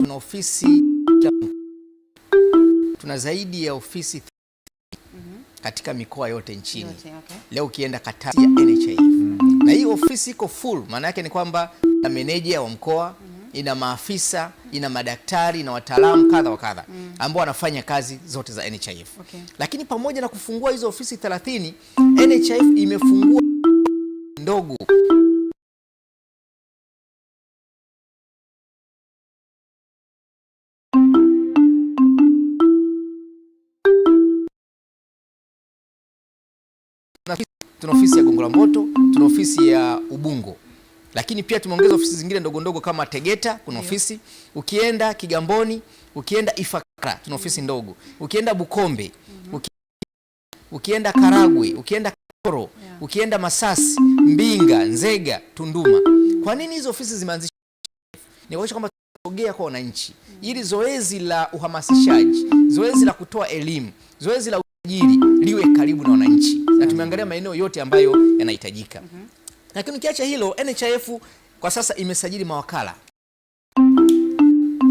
tuna ofisi tuna zaidi ya ofisi mhm. katika mikoa yote nchini yote, okay. Leo ukienda Katavi ya NHIF mm. na hii ofisi iko full, maana yake ni kwamba ina meneja wa mkoa mm. ina maafisa ina madaktari na wataalamu kadha wa kadha mm. ambao wanafanya kazi zote za NHIF okay. Lakini pamoja na kufungua hizo ofisi 30 NHIF imefungua ndogo tuna ofisi ya Gongo la Mboto, tuna ofisi ya Ubungo, lakini pia tumeongeza ofisi zingine ndogo ndogo kama Tegeta kuna ofisi, ukienda Kigamboni, ukienda Ifakara tuna ofisi ndogo, ukienda Bukombe, mhm. ukienda Karagwe, ukienda Koro, ukienda Masasi, Mbinga, Nzega, Tunduma. Kwa nini hizo ofisi zimeanzishwa? Ni kuonyesha kwamba ogea kwa wananchi, mm. ili zoezi la uhamasishaji, zoezi la kutoa elimu, zoezi la jili liwe karibu na wananchi na tumeangalia maeneo yote ambayo yanahitajika. mm -hmm. Lakini ukiacha hilo, NHIF kwa sasa imesajili mawakala.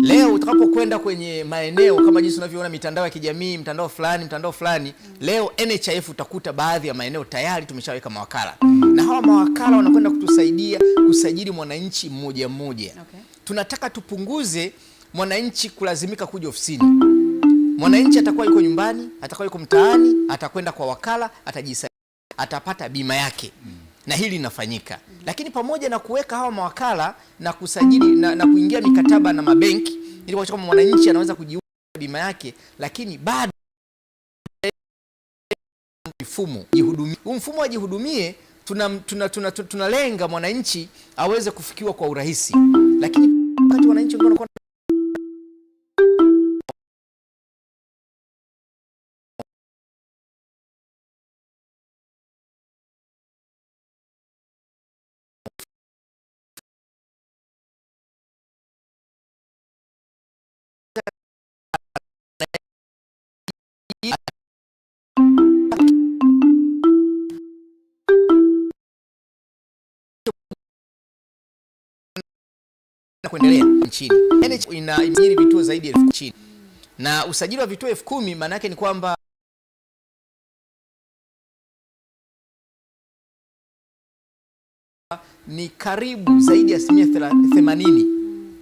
Leo utakapokwenda kwenye maeneo kama jinsi unavyoona mitandao ya kijamii, mtandao fulani, mtandao fulani, mhm. leo NHIF utakuta baadhi ya maeneo tayari tumeshaweka mawakala na hawa mawakala wanakwenda kutusaidia kusajili mwananchi mmoja mmoja. Okay. Tunataka tupunguze mwananchi kulazimika kuja ofisini. Mwananchi atakuwa yuko nyumbani, atakuwa yuko mtaani, atakwenda kwa wakala, atajisaidia, atapata bima yake na hili linafanyika Lakini pamoja na kuweka hawa mawakala na kusajili na, na kuingia mikataba na mabenki ili kuhakikisha kwamba mwananchi anaweza kujiunga bima yake, lakini bado mfumo jihudumie, mfumo ajihudumie tunalenga tuna, tuna, tuna, tuna mwananchi aweze kufikiwa kwa urahisi, lakini wakati wananchi wanakuwa kuendelea nchini inahimili vituo zaidi ya elfu nchini na usajili wa vituo elfu kumi maana yake ni kwamba ni karibu zaidi ya asilimia themanini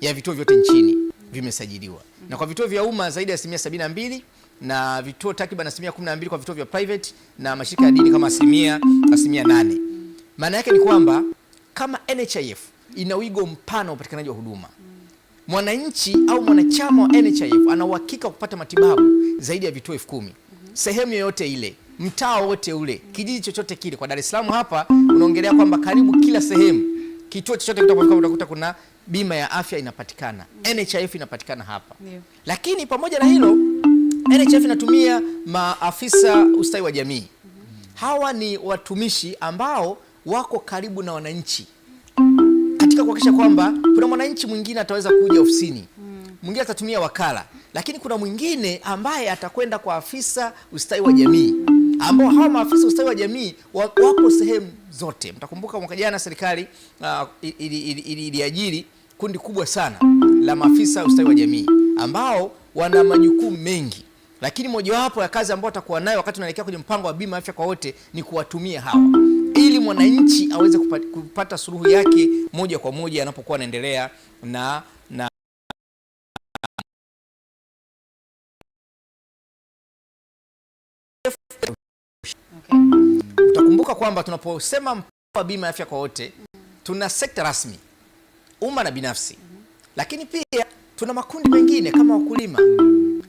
ya vituo vyote nchini vimesajiliwa, na kwa vituo vya umma zaidi ya asilimia sabini na vituo takriban asilimia 12 kwa vituo vya private na mashirika ya dini kama asilimia asilimia 8. Maana yake ni kwamba kama NHIF ina wigo mpana wa upatikanaji wa huduma, mwananchi au mwanachama wa NHIF ana uhakika kupata matibabu zaidi ya vituo elfu kumi sehemu yoyote ile, mtaa wote ule, kijiji chochote kile. Kwa Dar es Salaam hapa unaongelea kwamba karibu kila sehemu, kituo chochote utakuta kuna bima ya afya inapatikana, NHIF inapatikana hapa, lakini pamoja na hilo NHF inatumia maafisa ustawi wa jamii. Hawa ni watumishi ambao wako karibu na wananchi katika kuhakikisha kwamba kuna mwananchi mwingine ataweza kuja ofisini, mwingine atatumia wakala, lakini kuna mwingine ambaye atakwenda kwa afisa ustawi wa jamii ambao hawa maafisa ustawi wa jamii wako sehemu zote. Mtakumbuka mwaka jana serikali uh, iliajiri ili, ili, ili kundi kubwa sana la maafisa ustawi wa jamii ambao wana majukumu mengi lakini mojawapo ya kazi ambayo atakuwa nayo wakati unaelekea kwenye mpango wa bima afya kwa wote ni kuwatumia hawa, ili mwananchi aweze kupata suluhu yake moja kwa moja anapokuwa anaendelea na na okay. Utakumbuka kwamba tunaposema mpango wa bima afya kwa wote tuna sekta rasmi, umma na binafsi, mm-hmm. lakini pia tuna makundi mengine kama wakulima,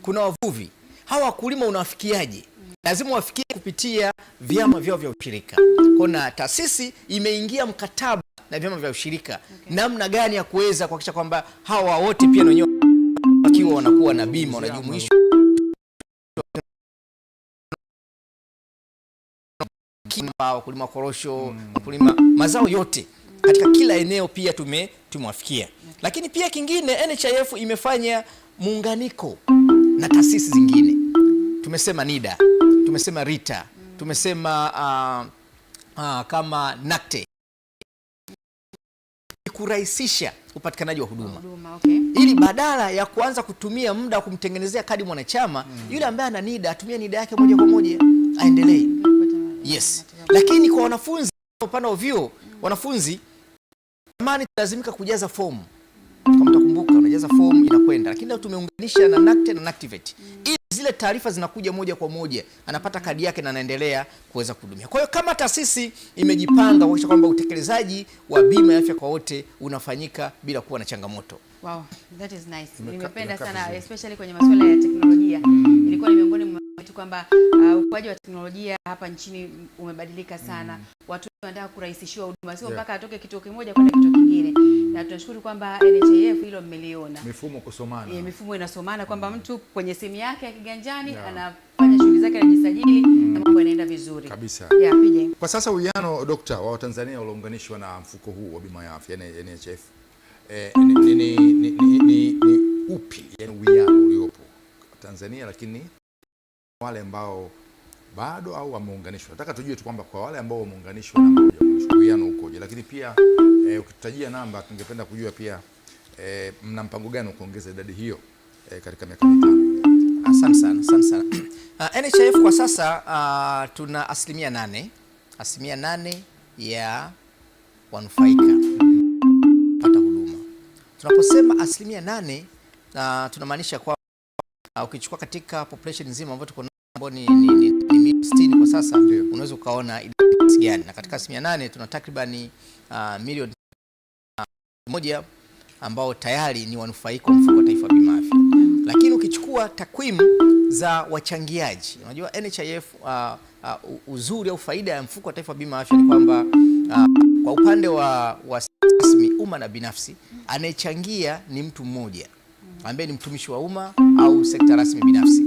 kuna wavuvi hawa wakulima unawafikiaje? Lazima wafikie kupitia vyama vyao vya ushirika. Kuna taasisi imeingia mkataba na vyama vya ushirika okay. Namna gani ya kuweza kuhakikisha kwamba hawa wote pia na wenyewe wakiwa wanakuwa na bima wanajumuishwa wakulima korosho, hmm. wakulima mazao yote katika kila eneo pia tume tumewafikia. Lakini pia kingine, NHIF imefanya muunganiko na taasisi zingine tumesema NIDA, tumesema RITA, tumesema uh, uh, kama NACTE kurahisisha upatikanaji wa huduma, huduma okay. Ili badala ya kuanza kutumia muda wa kumtengenezea kadi mwanachama mm. Yule ambaye ana NIDA atumie NIDA yake moja kwa moja aendelee Yes, lakini kwa wanafunzi upande wa vyuo wanafunzi zamani lazimika kujaza fomu, kama mtakumbuka, unajaza fomu inakwenda, lakini leo tumeunganisha na NACTE na NACTIVATE hmm zile taarifa zinakuja moja kwa moja, anapata kadi yake na anaendelea kuweza kuhudumia. Kwa hiyo kama taasisi imejipanga kuhakikisha kwamba utekelezaji wa bima ya afya kwa wote unafanyika bila kuwa na changamoto. Wow, that is nice. Nimependa sana especially kwenye masuala ya teknolojia. Ilikuwa ni miongoni mwa vitu kwamba uh, ukuaji wa teknolojia hapa nchini umebadilika sana. Mm anataka kurahisishiwa huduma sio mpaka yeah, atoke kituo kimoja kwenda kituo kingine, na tunashukuru kwamba NHIF hilo mmeliona, mifumo kusomana, e, mifumo inasomana kwamba mm. mtu kwenye simu yake ya kiganjani yeah, anafanya shughuli zake, anajisajili mm, na mambo yanaenda vizuri kabisa. Yeah, kwa sasa uwiano dokta wa Watanzania waliounganishwa na mfuko huu wa bima ya afya NHIF eh, ni, ni, ni, ni, ni, ni upi yani uwiano uliopo Tanzania, lakini wale ambao bado au wameunganishwa? Nataka tujue tu kwamba kwa wale ambao wameunganishwa uwiano ukoje, lakini pia e, ukitajia namba tungependa kujua pia e, mna mpango gani wa kuongeza idadi hiyo e, katika miaka mitano? Asante sana, asante sana. Uh, ah, NHIF kwa sasa uh, tuna asilimia nane, asilimia nane ya wanufaika pata huduma. Tunaposema asilimia nane uh, tunamaanisha kwa uh, ukichukua katika population nzima ambayo tuko nayo ni, ni, ni sasa unaweza ukaona idadi gani, na katika asilimia nane tuna takribani uh, milioni moja ambao tayari ni wanufaika wa mfuko wa taifa wa bima afya. Lakini ukichukua takwimu za wachangiaji, unajua NHIF uh, ah, ah, uh, uzuri au faida ya mfuko wa taifa wa bima afya ni kwamba uh, kwa upande wa, wa rasmi umma na binafsi, anayechangia ni mtu mmoja ambaye ni mtumishi wa umma au sekta rasmi binafsi,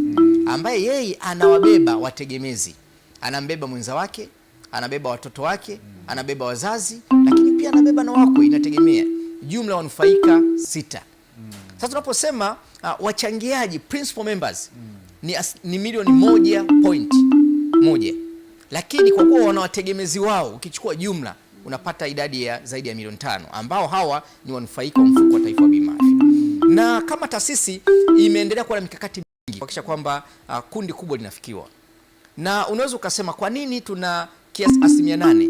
ambaye yeye anawabeba wategemezi anambeba mwenza wake, anabeba watoto wake, anabeba wazazi, lakini pia anabeba na wako, inategemea. Jumla wanufaika sita. Sasa tunaposema uh, wachangiaji principal members ni, ni milioni moja point moja, lakini kwa kuwa wana wategemezi wao, ukichukua jumla unapata idadi ya zaidi ya milioni tano ambao hawa ni wanufaika wa mfuko wa taifa wa bima afya. Na kama taasisi imeendelea kuwa na mikakati mingi kuhakikisha kwamba uh, kundi kubwa linafikiwa na unaweza ukasema kwa nini tuna kiasi asilimia nane?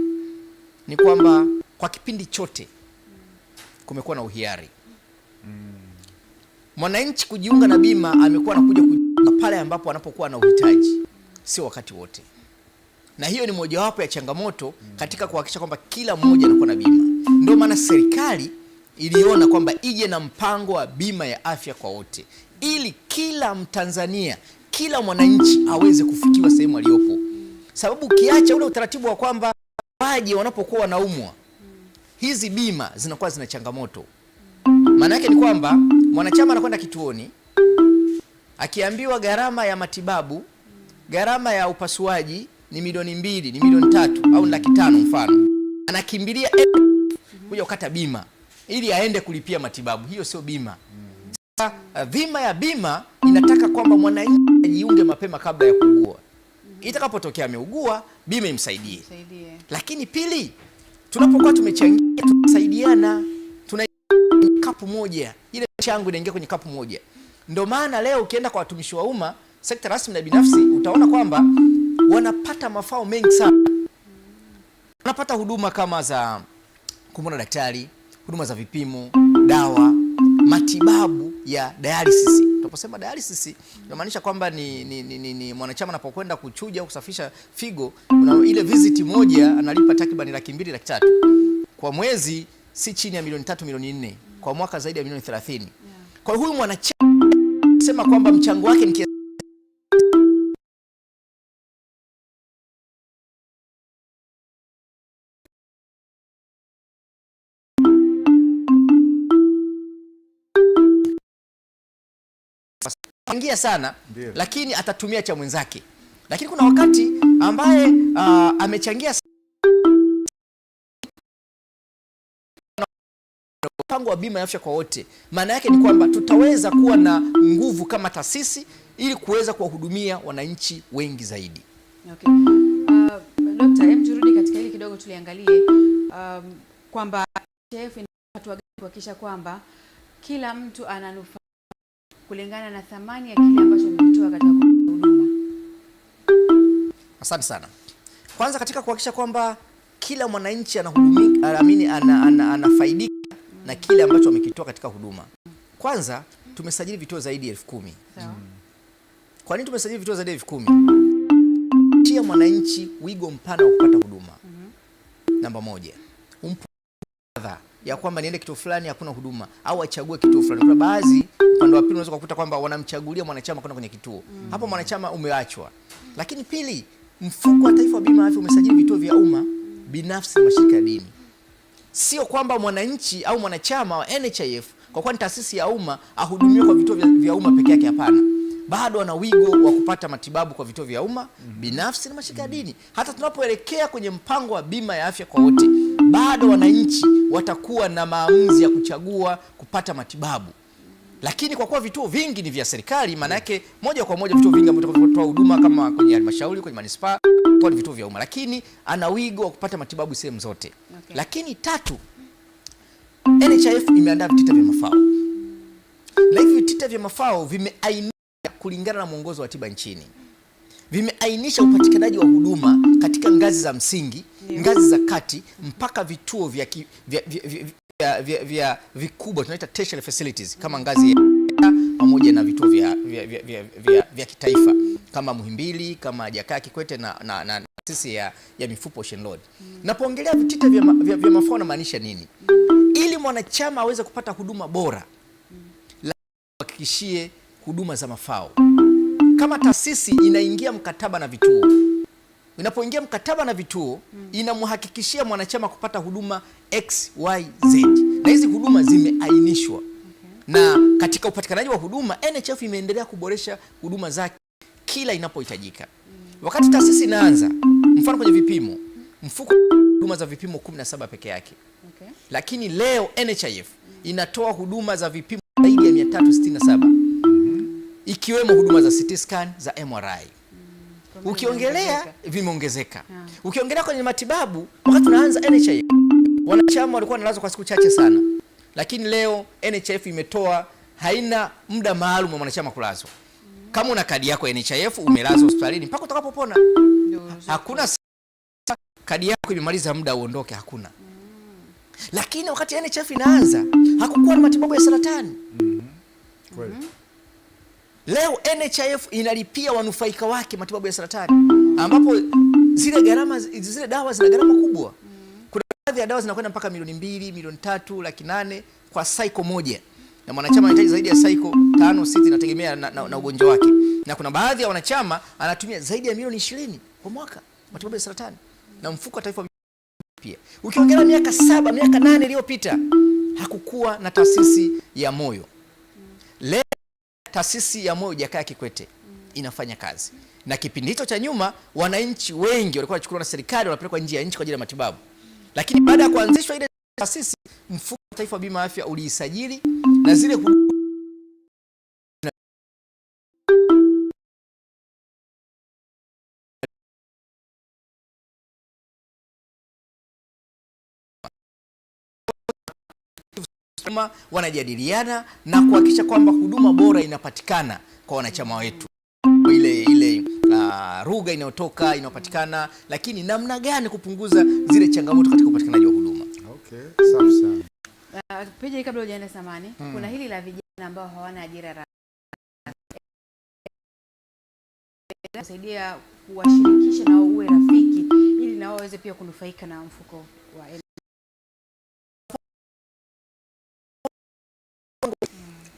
Ni kwamba kwa kipindi chote kumekuwa na uhiari. Mwananchi kujiunga na bima amekuwa anakuja kujiunga pale ambapo anapokuwa na uhitaji, sio wakati wote, na hiyo ni mojawapo ya changamoto katika kuhakikisha kwamba kila mmoja anakuwa na bima. Ndio maana serikali iliona kwamba ije na mpango wa bima ya afya kwa wote ili kila Mtanzania kila mwananchi aweze kufikiwa sehemu aliyopo, sababu ukiacha ule utaratibu wa kwamba waje wanapokuwa wanaumwa, hizi bima zinakuwa zina changamoto. Maana yake ni kwamba mwanachama anakwenda kituoni akiambiwa gharama ya matibabu, gharama ya upasuaji ni milioni mbili, ni milioni tatu au laki tano mfano, anakimbilia kuja kukata bima ili aende kulipia matibabu. Hiyo sio bima. Sasa dhima eh, ya bima inataka kwamba mwananchi iunge mapema kabla ya kuugua. Itakapotokea ameugua, bima imsaidie. Lakini pili, tunapokuwa tumechangia, tunasaidiana, tuna kapu moja, ile mchango inaingia kwenye kapu moja. Ndio maana leo ukienda kwa watumishi wa umma, sekta rasmi na binafsi, utaona kwamba wanapata mafao mengi sana. Wanapata huduma kama za kumwona daktari, huduma za vipimo, dawa matibabu ya dialysis. Tunaposema dialysis inamaanisha kwamba ni, ni, ni, ni, ni mwanachama anapokwenda kuchuja au kusafisha figo, una ile visit moja analipa takriban laki mbili laki tatu kwa mwezi, si chini ya milioni tatu milioni nne kwa mwaka zaidi ya milioni 30. Kwa hiyo huyu mwanachama sema kwamba mchango wake ni kuchangia sana Ndiyo. Lakini atatumia cha mwenzake, lakini kuna wakati ambaye uh, amechangia mpango wa bima ya afya kwa wote. Maana yake ni kwamba tutaweza kuwa na nguvu kama taasisi ili kuweza kuwahudumia wananchi wengi zaidi. Okay. Uh, ah, Dr. turudi katika hili kidogo tuliangalie um, kwamba hatua gani kuhakikisha kwamba kila mtu ananufaika kulingana na thamani ya kile ambacho umekitoa katika huduma. Asante sana. Kwanza katika kuhakikisha kwamba kila mwananchi anahudumika, amini, anafaidika ana, ana, mm. na kile ambacho amekitoa katika huduma. Kwanza tumesajili vituo zaidi ya elfu kumi. Mm. Kwa nini tumesajili vituo zaidi ya elfu kumi? Chia mwananchi wigo mpana wa kupata huduma. Mm -hmm. Namba moja. Umpo ya kwamba niende kituo fulani hakuna huduma au achague kituo fulani. Kuna baadhi upande wa pili unaweza kukuta kwamba wanamchagulia mwanachama kwenda kwenye kituo mm. Hapo mwanachama umeachwa. Lakini pili, mfuko wa taifa wa bima afya umesajili vituo vya umma binafsi na mashirika ya dini. Sio kwamba mwananchi au mwanachama wa NHIF kwa kuwa ni taasisi ya umma ahudumiwe kwa vituo vya, umma peke yake, hapana. Bado ana wigo wa kupata matibabu kwa vituo vya umma mm-hmm. binafsi na mashirika ya dini, hata tunapoelekea kwenye mpango wa bima ya afya kwa wote bado wananchi watakuwa na maamuzi ya kuchagua kupata matibabu. Lakini kwa kuwa vituo vingi ni vya serikali, maana yake moja kwa moja vituo vingi ambavyo vinatoa huduma kama kwenye halmashauri, kwenye manispaa kwa ni vituo vya umma, lakini ana wigo wa kupata matibabu sehemu zote. Okay. Lakini tatu, NHIF imeandaa vitita vya mafao na hivi vitita vya mafao vimeainishwa kulingana na mwongozo wa tiba nchini vimeainisha upatikanaji wa huduma katika ngazi za msingi, ngazi za kati mpaka vituo vya, ki, vya, vya, vya, vya, vya, vya vikubwa tunaita tertiary facilities kama ngazi pamoja na vituo vya, vya, vya, vya, vya, vya kitaifa kama Muhimbili kama Jakaya Kikwete na, na, na taasisi ya, ya mifupa Ocean Road. Mm. Napoongelea vitita vya, vya, vya mafao namaanisha nini? Mm. Ili mwanachama aweze kupata huduma bora, la mm. hakikishie huduma za mafao kama taasisi inaingia mkataba na vituo, inapoingia mkataba na vituo inamhakikishia mwanachama kupata huduma XYZ na hizi huduma zimeainishwa na katika upatikanaji wa huduma nhf imeendelea kuboresha huduma zake kila inapohitajika. Wakati taasisi inaanza, mfano kwenye vipimo, mfuko huduma za vipimo 17 peke yake okay. Lakini leo NHIF inatoa huduma za vipimo zaidi ya 367 ikiwemo huduma za CT scan za MRI mm, ukiongelea vimeongezeka yeah. Ukiongelea kwenye matibabu, wakati tunaanza NHIF wanachama walikuwa wanalazwa kwa siku chache sana, lakini leo NHIF imetoa haina muda maalum wa mwanachama kulazwa. Mm. Kama una kadi yako NHIF umelazwa hospitalini mpaka utakapopona. Hakuna kadi yako imemaliza muda uondoke, hakuna mm. lakini wakati NHIF inaanza hakukuwa na matibabu ya saratani. mm -hmm. Leo NHIF inalipia wanufaika wake matibabu ya saratani, ambapo zile gharama zile dawa zina gharama kubwa. Kuna baadhi ya dawa zinakwenda mpaka milioni mbili, milioni tatu, laki nane kwa saiko moja, na mwanachama anahitaji zaidi ya saiko tano, sisi inategemea na, na, na ugonjwa wake. Na kuna baadhi ya wanachama anatumia zaidi ya milioni ishirini kwa mwaka matibabu ya saratani, na mfuko wa taifa pia. Ukiongelea miaka saba, miaka nane iliyopita hakukuwa na taasisi ya moyo taasisi ya moyo Jakaya Kikwete inafanya kazi, na kipindi hicho cha nyuma wananchi wengi walikuwa wanachukuliwa na serikali wanapelekwa nje ya nchi kwa ajili ya matibabu, lakini baada ya kuanzishwa ile taasisi, mfuko wa taifa wa bima afya uliisajili na zile wanajadiliana na kuhakikisha kwamba huduma bora inapatikana kwa wanachama wetu, ile ile uh, rugha inayotoka inayopatikana, lakini namna gani kupunguza zile changamoto katika upatikanaji wa huduma. Okay, safi sana. Uh, kabla hujaenda samani, hmm. kuna hili la vijana ambao hawana ajira rasmi kusaidia kuwashirikisha na uwe rafiki ili nao waweze pia kunufaika na mfuko wa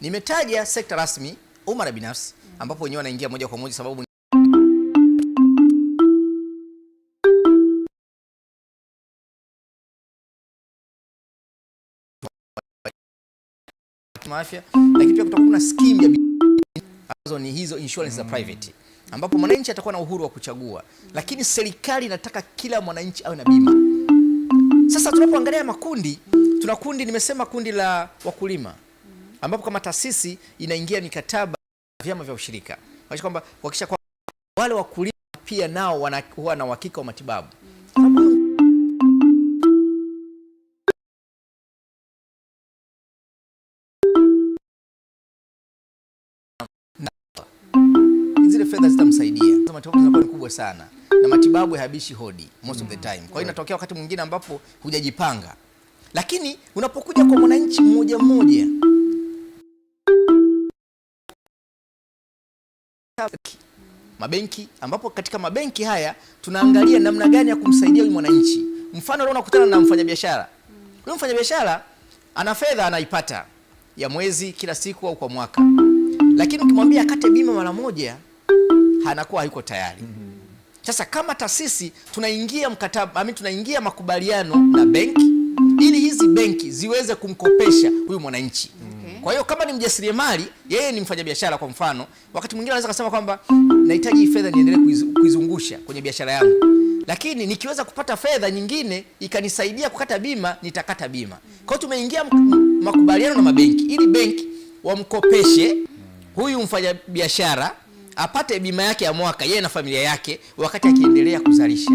Nimetaja sekta rasmi, umma na binafsi, ambapo wenyewe wanaingia moja kwa moja sababu afya lakini pia kutakuwa na scheme ya ambazo ni hizo insurance za private ambapo mwananchi atakuwa na uhuru wa kuchagua, lakini serikali inataka kila mwananchi awe na bima. Sasa tunapoangalia makundi, tuna kundi, nimesema kundi la wakulima, ambapo kama taasisi inaingia mikataba vyama vya ushirika kwamba kuhakikisha kwa wale wakulima pia nao wanakuwa na uhakika wa matibabu. Zile fedha zitamsaidia, matibabu kubwa sana na matibabu hayabishi hodi most of the mm. time. Kwa hiyo inatokea wakati mwingine ambapo hujajipanga, lakini unapokuja kwa mwananchi mmoja mmoja mabenki, ambapo katika mabenki haya tunaangalia namna gani ya kumsaidia huyu mwananchi. Mfano leo unakutana na mfanyabiashara, Huyu mfanyabiashara ana fedha anaipata ya mwezi kila siku au kwa mwaka, lakini ukimwambia akate bima mara moja anakuwa hayuko tayari. Sasa kama taasisi tunaingia mkataba, ami tunaingia makubaliano na benki ili hizi benki ziweze kumkopesha huyu mwananchi. Kwa hiyo kama ni mjasiriamali, yeye ni mfanyabiashara, kwa mfano, wakati mwingine anaweza kusema kwamba nahitaji fedha niendelee kuizungusha kwenye biashara yangu, lakini nikiweza kupata fedha nyingine ikanisaidia kukata bima, nitakata bima. Kwa hiyo tumeingia makubaliano na mabenki ili benki wamkopeshe huyu mfanyabiashara apate bima yake ya mwaka yeye na familia yake, wakati akiendelea kuzalisha.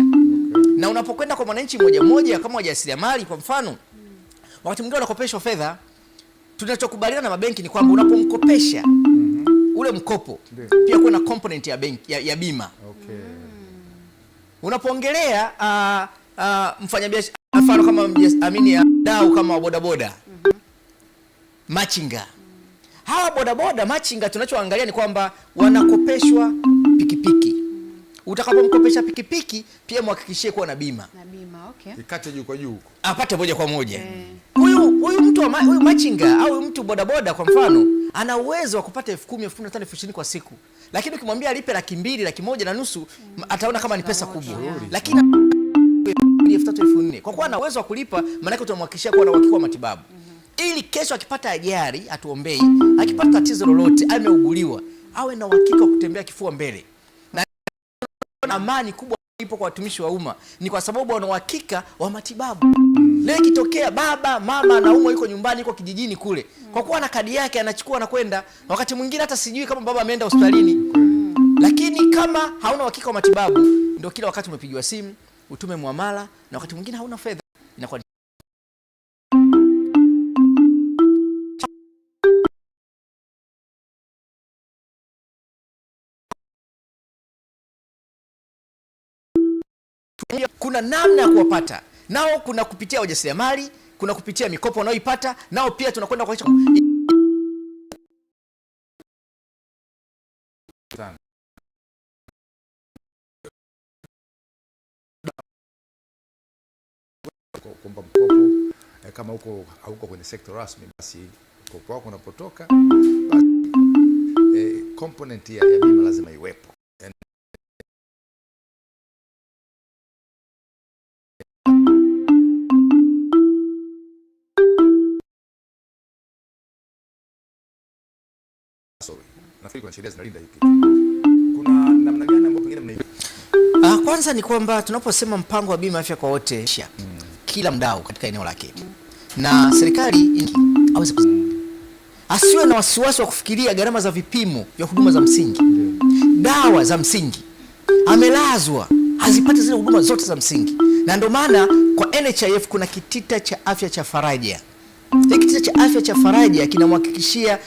Na unapokwenda kwa mwananchi moja moja, kama wajasiriamali, kwa mfano, wakati mwingine unakopeshwa fedha tunachokubaliana na mabenki ni kwamba unapomkopesha mhm. ule mkopo Deo. pia kuna component ya bank, ya, ya bima okay. Unapoongelea uh, ah, uh, ah, mfanyabiashara mfano kama amini dau kama bodaboda mm -hmm. machinga hawa bodaboda machinga, tunachoangalia ni kwamba wanakopeshwa pikipiki. Utakapomkopesha pikipiki pia mhakikishie kuwa na bima, na bima okay. Ikate juu kwa juu apate moja kwa moja okay. Eh huyu mtu huyu machinga au mtu bodaboda kwa mfano ana uwezo wa kupata elfu kumi, elfu kumi na tano, elfu ishirini kwa siku, lakini ukimwambia alipe laki mbili, laki moja na nusu ataona kama ni pesa kubwa, lakini elfu tatu, elfu nne kwa kuwa ana uwezo wa kulipa, maanake tunamhakikishia kuwa na uhakika wa matibabu mhm. ili kesho akipata ajali atuombei, akipata tatizo lolote, ameuguliwa, awe na uhakika wa kutembea kifua mbele. Na amani kubwa ipo kwa watumishi wa umma ni kwa sababu wana uhakika wa matibabu. Leo ikitokea baba mama anaumwa, yuko nyumbani, yuko kijijini kule, kwa kuwa na kadi yake anachukua na kwenda, na wakati mwingine hata sijui kama baba ameenda hospitalini. Lakini kama hauna uhakika wa matibabu, ndio kila wakati umepigiwa simu, utume muamala, na wakati mwingine hauna fedha, inakuwa kuna namna ya kuwapata nao kuna kupitia mali kuna kupitia mikopo unaoipata nao pia tunakwenda kwa kuomba mkopo eh, kama huko hauko kwenye sekta rasmi, basi mkopo wako unapotoka, basi eh, component ya, ya bima lazima iwepo. nafikiri kuna sheria zinalinda hiki. Mm. Kuna namna gani ambayo pengine mnaiona? Ah, kwanza ni kwamba tunaposema mpango wa bima afya kwa wote mm. kila mdau katika eneo lake na serikali aweze asiwe na wasiwasi wa kufikiria gharama za vipimo vya huduma za msingi mm. dawa za msingi, amelazwa hazipate zile huduma zote za msingi, na ndio maana kwa NHIF kuna kitita cha afya cha faraja. Kitita cha afya cha faraja kinamhakikishia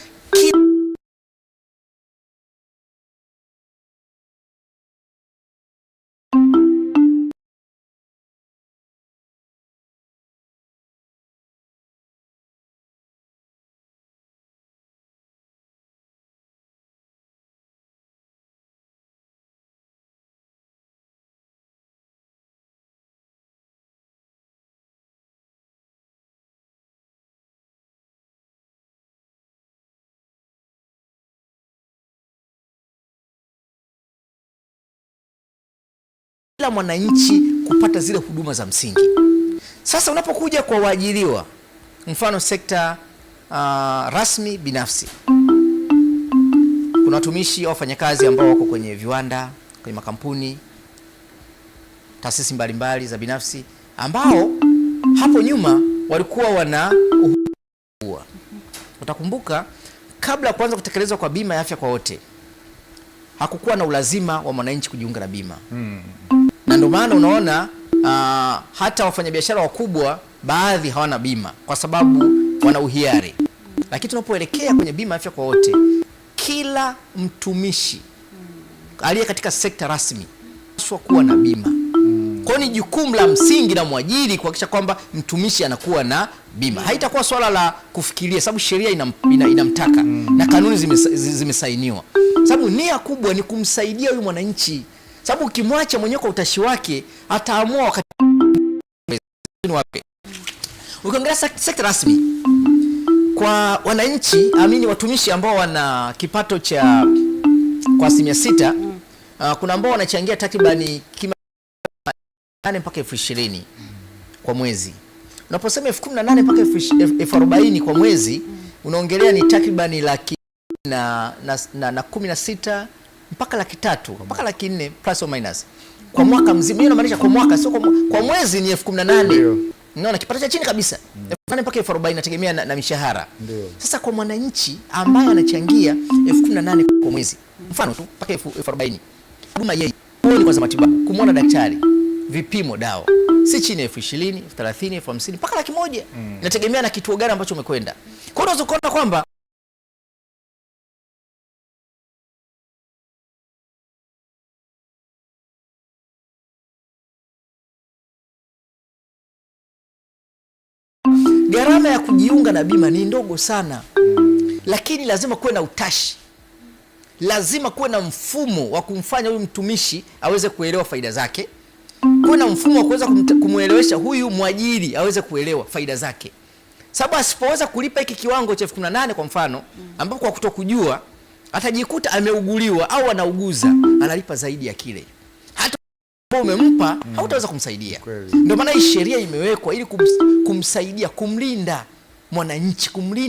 kila mwananchi kupata zile huduma za msingi. Sasa unapokuja kwa waajiriwa, mfano sekta uh, rasmi binafsi, kuna watumishi au wafanyakazi ambao wako kwenye viwanda, kwenye makampuni, taasisi mbalimbali za binafsi ambao hapo nyuma walikuwa wana uhuwa. Utakumbuka kabla ya kuanza kutekelezwa kwa bima ya afya kwa wote hakukuwa na ulazima wa mwananchi kujiunga na bima hmm na ndio maana mm-hmm. unaona uh, hata wafanyabiashara wakubwa baadhi hawana bima kwa sababu wana uhiari, lakini tunapoelekea kwenye bima afya kwa wote, kila mtumishi aliye katika sekta rasmi anapaswa kuwa na bima. Mm. Kwa ni jukumu la msingi la mwajiri kuhakikisha kwamba mtumishi anakuwa na bima. Haitakuwa swala la kufikiria, sababu sheria inam, inam, inamtaka mm. na kanuni zimesainiwa, sababu nia kubwa ni kumsaidia huyu mwananchi sababu ukimwacha mwenyewe kwa utashi wake ataamua wakati wake. sekta rasmi kwa wananchi amini, watumishi ambao wana kipato cha kwa asilimia sita, mm. uh, kuna ambao wanachangia takribani kima mpaka elfu ishirini kwa mwezi. Unaposema elfu kumi na nane mpaka elfu arobaini kwa mwezi mm. unaongelea ni takribani laki na, na, na, na kumi na sita mpaka laki tatu mpaka laki nne plus or minus kwa mwaka mzima. Hiyo inamaanisha kwa mwaka, sio kwa mwezi, ni elfu kumi na nane. kipato cha chini kabisa mm. mpaka elfu arobaini nategemea na, na mishahara. Sasa kwa mwananchi ambaye anachangia elfu kumi na nane kwa mwezi, mfano tu mpaka elfu arobaini huduma yeye ni kwanza matibabu, kumwona daktari, vipimo, dawa si chini ya elfu ishirini elfu thelathini elfu hamsini mpaka laki moja mm. Inategemea na kituo gani ambacho umekwenda. Kwa hiyo unaweza kuona kwamba Gharama ya kujiunga na bima ni ndogo sana, lakini lazima kuwe na utashi, lazima kuwe na mfumo wa kumfanya huyu mtumishi aweze kuelewa faida zake, kuwe na mfumo wa kuweza kumwelewesha huyu mwajiri aweze kuelewa faida zake, sababu asipoweza kulipa hiki kiwango cha elfu kumi na nane kwa mfano, ambapo kwa kutokujua atajikuta ameuguliwa au anauguza, analipa zaidi ya kile umempa mm. hautaweza kumsaidia. Ndio maana hii sheria imewekwa ili kums, kumsaidia kumlinda mwananchi kumlinda